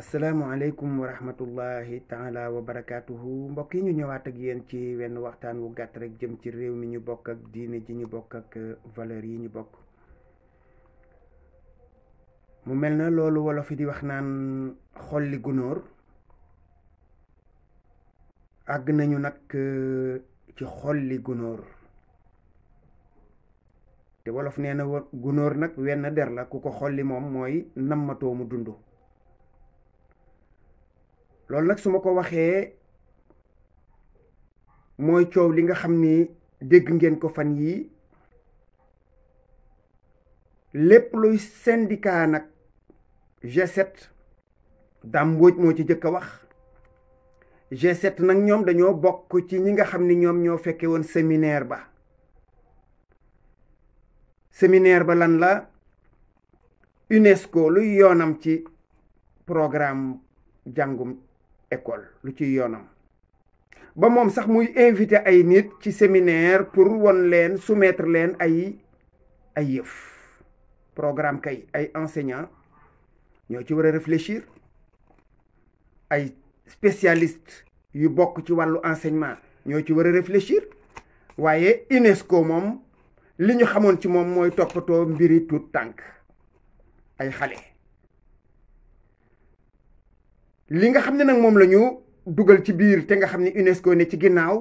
asalaamualeykum wa rahmatullahi taala wa barakaatuhu mbokk yi ñu ñëwaat ak yéen ci wenn waxtaan wu gàtt rekk jëm ci réew mi ñu bokk ak diine ji ñu bokk ak euh, valeur yi ñu bokk mu mel na loolu wolof yi di wax naan xolli gunóor àgg nañu nag euh, ci xolli gunóor te wolof nee na gunóor nag wenn der la ku ko xolli moom mooy nammatoo mu dund loolu nag su ma ko waxee mooy coow li nga xam ni dégg ngeen ko fan yii lépp luy syndicat nag g dam Dame moo ci jëkk a wax g nag ñoom dañoo bokk ci ñi nga xam ni ñoom ñoo fekke woon séminaire ba séminaire ba lan la UNESCO luy yoonam ci programme jàngum école lu ci yoonam ba moom sax muy invité ay nit ci séminaire pour won leen soumettre leen ay ay yëf programme kay ay enseignants ñoo ci war a réfléchir ay spécialistes yu bokk ci wàllu enseignement ñoo ci war a réfléchir waaye UNESCO moom li ñu xamoon ci moom mooy toppatoo mbiri tuut tànk ay xale li nga xam ne nag moom la dugal ci biir te nga xam ne UNESCO ne ci ginnaaw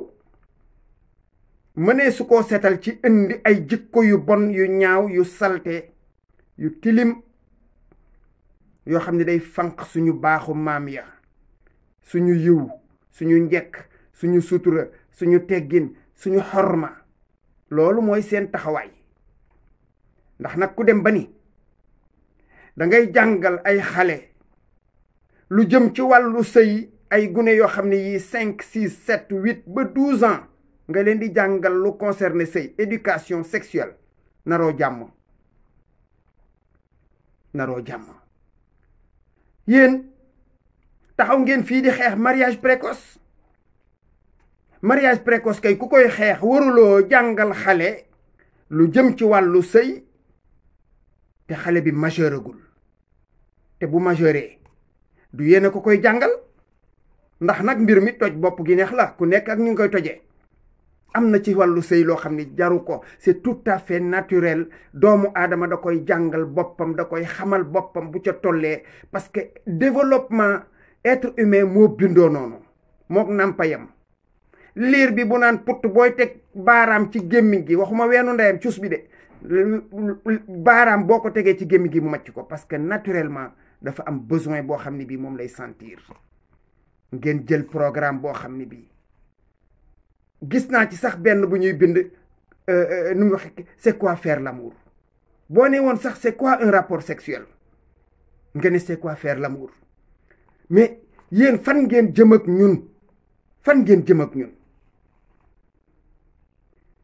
mënee su koo seetal ci indi ay jikko yu bon yu ñaaw yu salte yu tilim yoo xam ne day fanq suñu baaxu maam ya suñu yiw suñu njekk suñu sutura suñu teggin suñu xorma loolu mooy seen taxawaay ndax nag ku dem ba ni da ngay jàngal ay xale lu jëm ci wàllu sëy ay gune yoo xam ne yi cinq six sept huit ba douze ans nga leen di jàngal lu concerné sëy éducation sexuelle naroo jàmm naroo jàmm yéen taxaw ngeen fii di xeex mariage précoce mariage précoce kay ku koy xeex waruloo jàngal xale lu jëm ci wàllu sëy te xale bi majeuragul te bu majeuree du yéene ko koy jàngal ndax nag mbir mi toj bopp gi neex la ku nekk ak ñu nga koy tojee am na ci wàllu sëy loo xam ni jaru ko c'est tout à fait naturel doomu aadama da koy jàngal boppam da koy xamal boppam bu ca tollee parce que développement être humain moo bindoo noonu mook nàmpayam liir bi bu naan put booy teg baaraam ci gémmi gi waxuma weenu ndeyam cus bi de baaraam boo ko tegee ci gémmiñ gi mu màcc ko parce que naturellement dafa am besoin boo xam ne bii moom lay sentir ngeen jël programme boo xam ne bii gis naa ci sax benn bu ñuy bind euh, euh, nu mu wax c'est quoi faire l'amour boo ne woon sax c'est quoi un rapport sexuel nga ne c'est faire l'amour mais yéen fan ngeen jëm ak ñun fan ngeen jëm ak ñun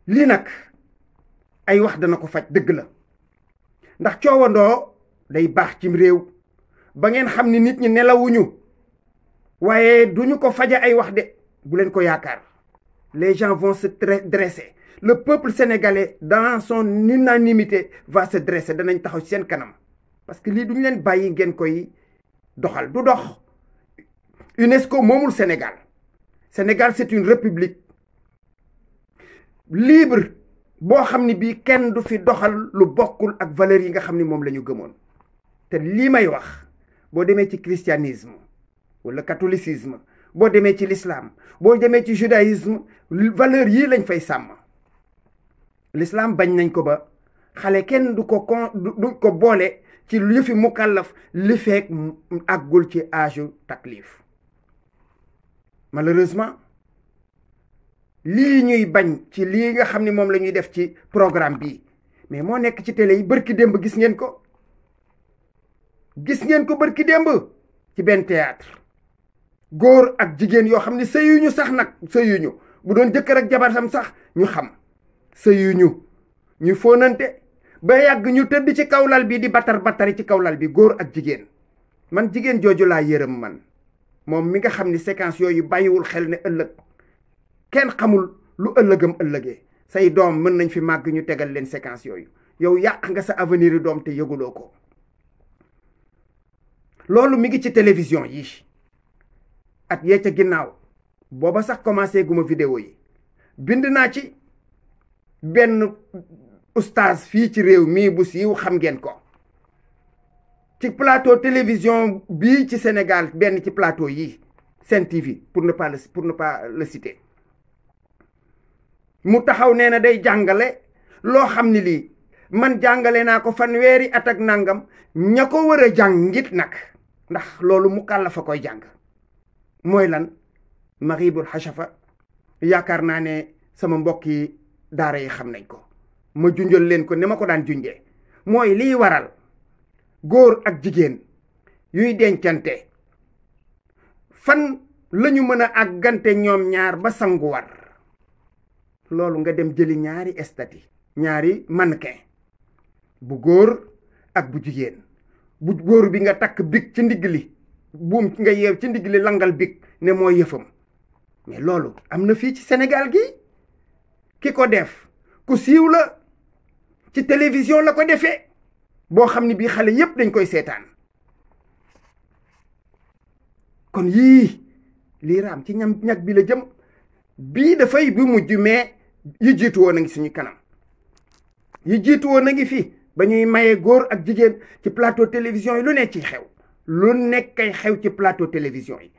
lii nag ay wax dana ko faj dëgg la ndax coowandoo day baax cim réew ba ngeen xam ni nit ñi nelawuñu waaye duñu ko faja ay wax de bu leen ko yaakaar les gens vont se dresser le peuple sénégalais dans son unanimité va se dresser danañ taxaw ci seen kanam parce que lii duñu leen bàyyi geen koy doxal du dox UNESCO moomul Sénégal Sénégal c'est une république libre boo xam ni bii kenn du fi doxal lu bokkul ak valeurs yi nga xam ni moom la gëmoon te lii may wax boo demee ci christianisme wala catholicisme boo demee ci lislaam boo demee ci judaïsme valeur yii lañ fay sàmm lislaam bañ nañ ko ba xale kenn du ko kon du ko boole ci fi mukallaf li feek àggul ci âge taklif malheureusement lii ñuy bañ ci lii nga xam ne moom la ñuy def ci programme bi mais moo nekk ci télé yi bërki démb gis ngeen ko gis ngeen ko bërki démb ci benn théâtre góor ak jigéen yoo xam ne sëyuñu sax nag sëyuñu bu doon jëkkër ak jabar sax ñu xam sëyuñu ñu fóonante ba yàgg ñu tëdd ci kawlal bi di batar batari ci kawlal bi góor ak jigéen man jigéen jooju laa yërëm man moom mi nga xam ni séquence yooyu bàyyiwul xel ne ëllëg kenn xamul lu ëllëgam ëllëge say doom mën nañ fi màgg ñu tegal leen séquence yooyu yow yàq nga sa avenir yi doom te yëguloo ko loolu mi ngi ci télévision yi at yee ca ginnaaw booba sax commencé guma vidéo yi bind naa ci benn oustaz fii ci réew mii bu siiw xam ngeen ko ci plateau télévision bii ci Sénégal benn ci plateau yi Sen TV pour ne pas le pour mu taxaw nee na day jàngale loo xam ni lii man jàngale naa ko fanweeri at ak nangam ña ko war a jàngit nag ndax loolu mu kàlla fa koy jàng mooy lan maxibul fa yaakaar naa ne sama mbokki daara yi xam nañ ko ma junjal leen ko ni ma ko daan junjee mooy liy waral góor ak jigéen yuy dencante fan lañu mën a àggante ñoom ñaar ba sangu loolu nga dem jëli ñaari estati ñaari mannequin bu góor ak bu jigéen bu góor bi nga takk big ci ndigg li buum nga yeew ci ndigg li langal big ne moo yëfam mais loolu am na fii ci senegal gi ki ko def ku siiw la ci télévision la ko defee boo xam ne bii xale yépp dañ koy seetaan kon yii lii raam ci ñam ñag bi la jëm bii dafay bu mujj mais yi jiitu woon suñu kanam yi jiitu woon a ngi fii ba ñuy mayee góor ak jigéen ci plateau télévision yi lu ne ciy xew lu nekk kay xew ci plateau télévision yi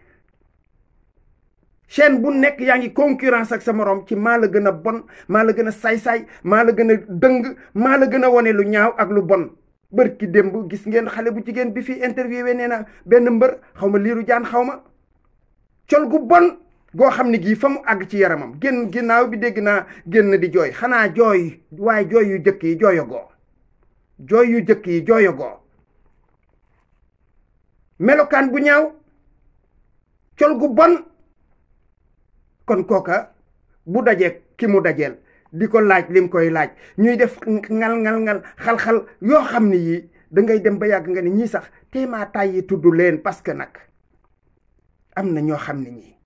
chaîne bu nekk yaa ngi concurrence ak sa moroom ci maa la gën a bon maa la gën a saay-saay maa la gën a dëng maa la gën a wone lu ñaaw ak lu bon bërki démb gis ngeen xale bu jigéen bi fi interviewé nee na benn mbër xaw ma liiru jaan xaw ma col gu bon goo xam ne gii fa mu àgg ci yaramam génn ginnaaw bi dégg naa génn di jooy xanaa jooy waaye jooy yu jëkk yi jooyagoo jooy yu jëkk yi jooyagoo melokaan bu ñaaw col gu bon kon kooka bu dajee ki mu dajeel di ko laaj lim koy laaj ñuy def ngal ngal ngal xal-xal yoo xam ni yii dangay dem ba yàgg nga ne ñii sax téemaa tàyyi tudd leen parce que nag am na ñoo xam ne ñii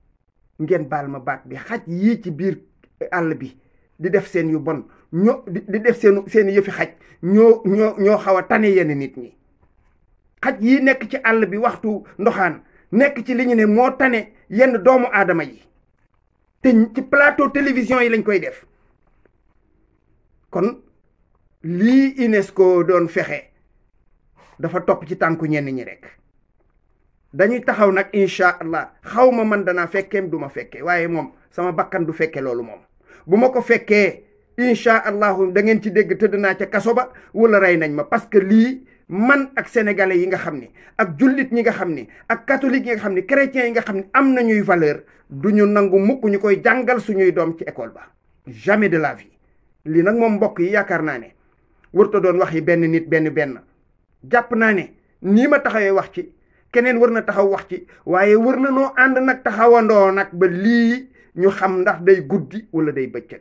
ngeen baal ma baat bi xaj yi ci biir àll bi di def seen yu bon ñoo di def seen seen yëfi xaj ñoo ñoo ñoo xaw a tane yenn nit ñi xaj yi nekk ci àll bi waxtu ndoxaan nekk ci li ñu ne moo tane yenn doomu aadama yi te ci plateau télévision yi lañ koy def kon lii UNESCO doon fexe dafa topp ci tànku ñenn ñi rek dañuy taxaw nag incha allah xaw ma man danaa fekkeem du ma fekke waaye moom sama bakkan du fekke loolu moom bu ma ko fekkee incha allahu da ngeen ci dégg tëdd naa ca kaso ba wala rey nañ ma parce que lii man ak sénégalais yi nga xam ni ak jullit ñi nga xam ni ak catholique yi nga xam ni chrétiens yi nga xam ni am nañuy valeur du ñu nangu mukk ñu koy jàngal suñuy doom ci école ba jamais de la vie lii nag moom mbokk yi yaakaar naa ne warta doon wax yi benn nit benn benn jàpp naa ne nii ma taxawee wax ci keneen war na taxaw wax ci waaye war na noo ànd nag taxawandoo nag ba lii ñu xam ndax day guddi wala day bëccëg